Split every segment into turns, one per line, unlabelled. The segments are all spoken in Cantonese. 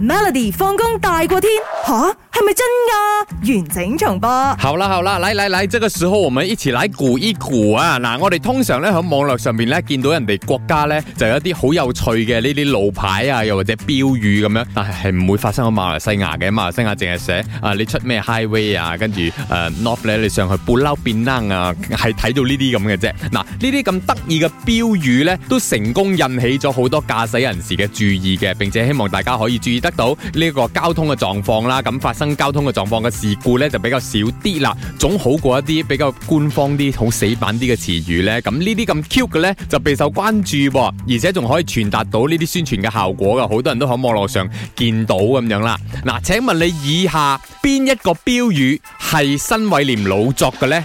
Melody 放工大過天吓，係咪真噶？完整重播。好啦好啦，嚟嚟，來，這個時候我們一起來估一估啊！嗱，我哋通常咧喺網絡上面咧見到人哋國家咧就有一啲好有趣嘅呢啲路牌啊，又或者標語咁樣，但係係唔會發生喺馬來西亞嘅？馬來西亞淨係寫啊，你出咩 highway 啊，跟住誒 not 咧，你上去不溜變躝啊，係睇到呢啲咁嘅啫。嗱，呢啲咁得意嘅標語咧，都成功引起咗好多駕駛人士嘅注意嘅，並且希望大家可以注意得。得到呢個交通嘅狀況啦，咁發生交通嘅狀況嘅事故呢，就比較少啲啦，總好過一啲比較官方啲、好死板啲嘅詞語呢。咁呢啲咁 cute 嘅呢，就備受關注，而且仲可以傳達到呢啲宣傳嘅效果噶。好多人都喺網絡上見到咁樣啦。嗱，請問你以下邊一個標語係新偉廉老作嘅呢？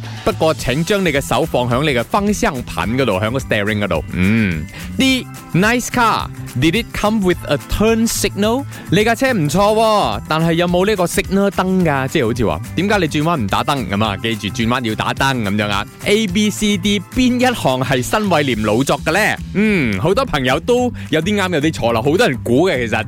不過，請將你嘅手放響你嘅方向盤嗰度，響個 steering 嗰度。嗯，啲 nice car。Did it come with a turn signal？你架車唔錯，但係有冇呢個 signal 燈噶？即係好似話，點解你轉彎唔打燈咁啊？記住轉彎要打燈咁樣啊！A、B、C、D 邊一項係新偉廉老作嘅咧？嗯，好多朋友都有啲啱，有啲錯啦，好多人估嘅其實。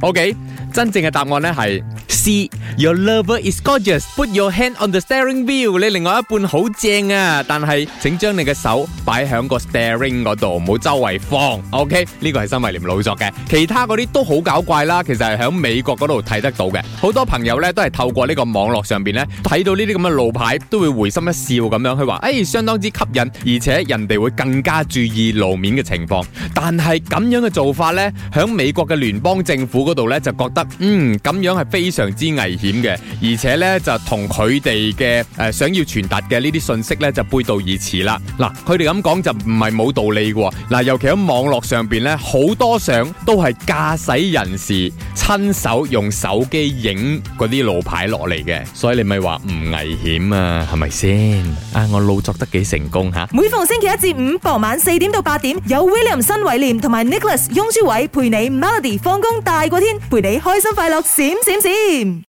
OK，真正嘅答案咧係 C。Your lover is gorgeous，Put your hand on the steering wheel。你另外一半好正啊，但係請將你嘅手擺響個 steering 嗰度，唔好周圍放。OK，呢個係新偉廉。老作嘅，其他嗰啲都好搞怪啦。其實係喺美國嗰度睇得到嘅，好多朋友呢，都係透過呢個網絡上邊呢，睇到呢啲咁嘅路牌，都會會心一笑咁樣，佢話誒相當之吸引，而且人哋會更加注意路面嘅情況。但係咁樣嘅做法呢，喺美國嘅聯邦政府嗰度呢，就覺得，嗯咁樣係非常之危險嘅，而且呢，就同佢哋嘅誒想要傳達嘅呢啲信息呢，就背道而馳啦。嗱，佢哋咁講就唔係冇道理嘅。嗱，尤其喺網絡上邊呢，好多。相都係駕駛人士親手用手機影嗰啲路牌落嚟嘅，所以你咪話唔危險啊？係咪先？啊、哎，我老作得幾成功吓！每逢星期一至五傍晚四點到八點，有 William 新偉廉同埋 Nicholas 雍舒偉陪你 Melody 放工大過天，陪你開心快樂閃閃閃閃。